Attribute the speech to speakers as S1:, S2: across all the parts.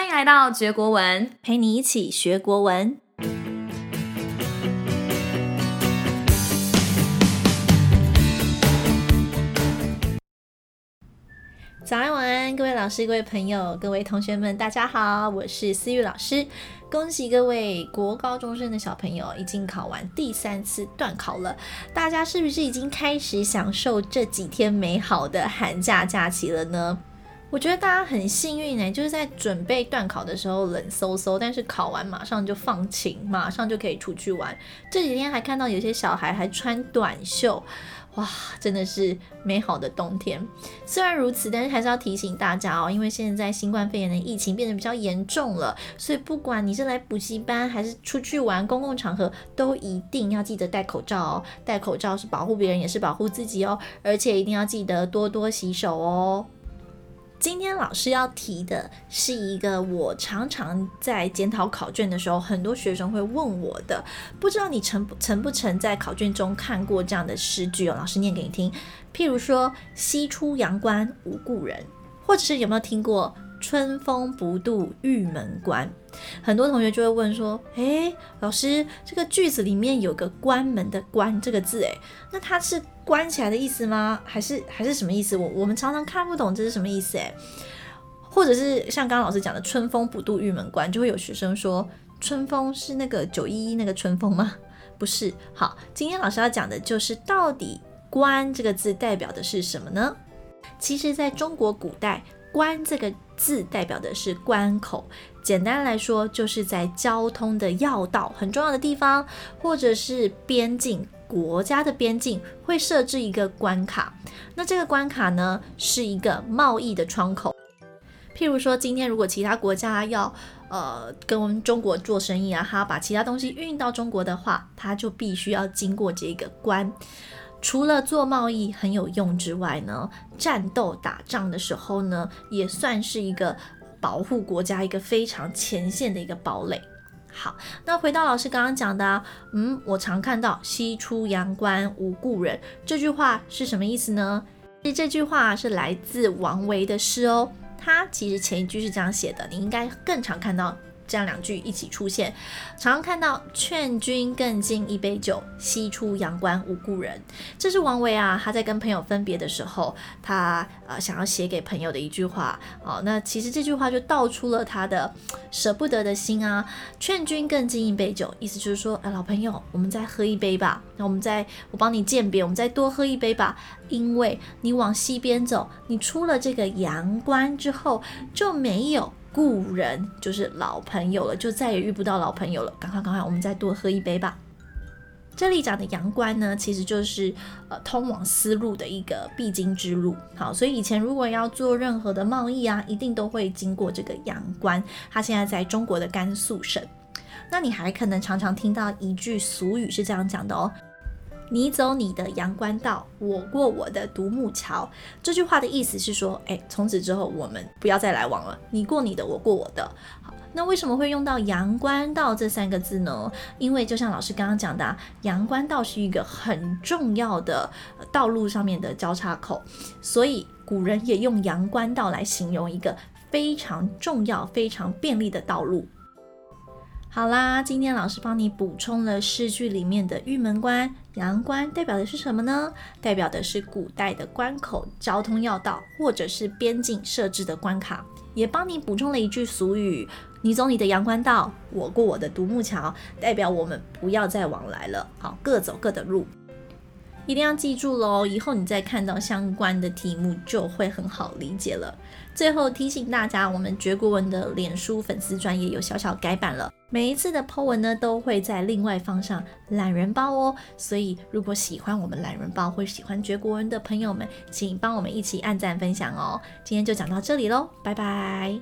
S1: 歡迎來到嚼國文，陪你一起學國文。早安晚安，各位老師、各位朋友、各位同學們，大家好，我是思予老師。恭喜各位國高中生的小朋友已經考完第三次段考了，大家是不是已經開始享受這幾天美好的寒假假期了呢？我覺得大家很幸運呢、欸，就是在準備段考的時候冷颼颼，但是考完馬上就放晴，馬上就可以出去玩。這幾天還看到有些小孩還穿短袖，哇，真的是美好的冬天。雖然如此，但是還是要提醒大家哦，因為現在新冠肺炎的疫情變得比較嚴重了，所以不管你是來補習班還是出去玩，公共場合都一定要記得戴口罩哦。戴口罩是保護別人，也是保護自己哦。而且一定要記得多多洗手哦。今天老師要提的是一個我常常在檢討考卷的時候，很多學生會問我的，不知道你曾不曾不曾在考卷中看過這樣的詩句哦？老師念給你聽，譬如說“西出陽關無故人”，或者是有沒有聽過？春風不度玉門關，很多同學就會問說：“誒，老師，這個句子裡面有個關門的關這個字，誒，那它是關起來的意思嗎？還是還是什麼意思？我我們常常看不懂這是什麼意思，誒，或者是像剛剛老師講的‘春風不度玉門關’，就會有學生說‘春風’是那個九一一那個春風嗎？不是。好，今天老師要講的就是到底‘關’這個字代表的是什麼呢？其實，在中國古代，‘關’這個字代表的是關口，簡單來說就是在交通的要道、很重要的地方，或者是邊境國家的邊境，會設置一個關卡。那這個關卡呢，是一個貿易的窗口。譬如說，今天如果其他國家要呃跟中國做生意啊，哈，把其他東西運到中國的話，他就必須要經過這個關。除了做貿易很有用之外呢，戰鬥打仗的時候呢，也算是一個保護國家一個非常前線的一個堡壘。好，那回到老師剛剛講的，啊，嗯，我常看到“西出陽關無故人”這句話是什麼意思呢？其實這句話是來自王維的詩哦。他其實前一句是這樣寫的，你應該更常看到。這樣兩句一起出現，常常看到“勸君更盡一杯酒，西出陽關無故人”。這是王維啊，他在跟朋友分別的時候，他啊、呃、想要寫給朋友的一句話啊、哦。那其實這句話就道出了他的舍不得的心啊。“勸君更盡一杯酒”，意思就是說，哎，老朋友，我們再喝一杯吧。那我們再，我幫你餞別，我們再多喝一杯吧。因為你往西邊走，你出了這個陽關之後就沒有。故人就是老朋友了，就再也遇不到老朋友了。趕快，趕快，我們再多喝一杯吧。這裡講的陽關呢，其實就是呃通往絲路的一個必經之路。好，所以以前如果要做任何的貿易啊，一定都會經過這個陽關。它現在在中國的甘肅省。那你還可能常常聽到一句俗語是這樣講的哦。你走你的陽關道，我過我的獨木橋。這句話的意思是說，誒，從此之後我們不要再來往了，你過你的，我過我的。好，那為什麼會用到陽關道這三個字呢？因為就像老師剛剛講的，陽關道是一個很重要的道路上面的交叉口，所以古人也用陽關道來形容一個非常重要、非常便利的道路。好啦，今天老師幫你補充了詩句裡面的玉門關。陽關代表的是什麼呢？代表的是古代的關口、交通要道，或者是邊境設置的關卡。也幫你補充了一句俗語：你走你的陽關道，我過我的獨木橋。代表我們不要再往來了，好，各走各的路。一定要記住嘍，以後你再看到相關的題目就會很好理解了。最後提醒大家，我們嚼國文的臉書粉絲專頁有小小改版了，每一次的 po 文呢都會在另外放上懶人包哦。所以如果喜歡我們懶人包或喜歡嚼國文的朋友們，請幫我們一起按讚分享哦。今天就講到這裡嘍，拜拜。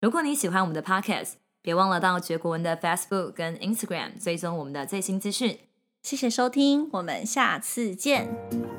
S1: 如果你喜歡我們的 Podcast。別忘了到嚼國文的 Facebook 跟 Instagram 追蹤我們的最新資訊。謝謝收聽，我們下次見。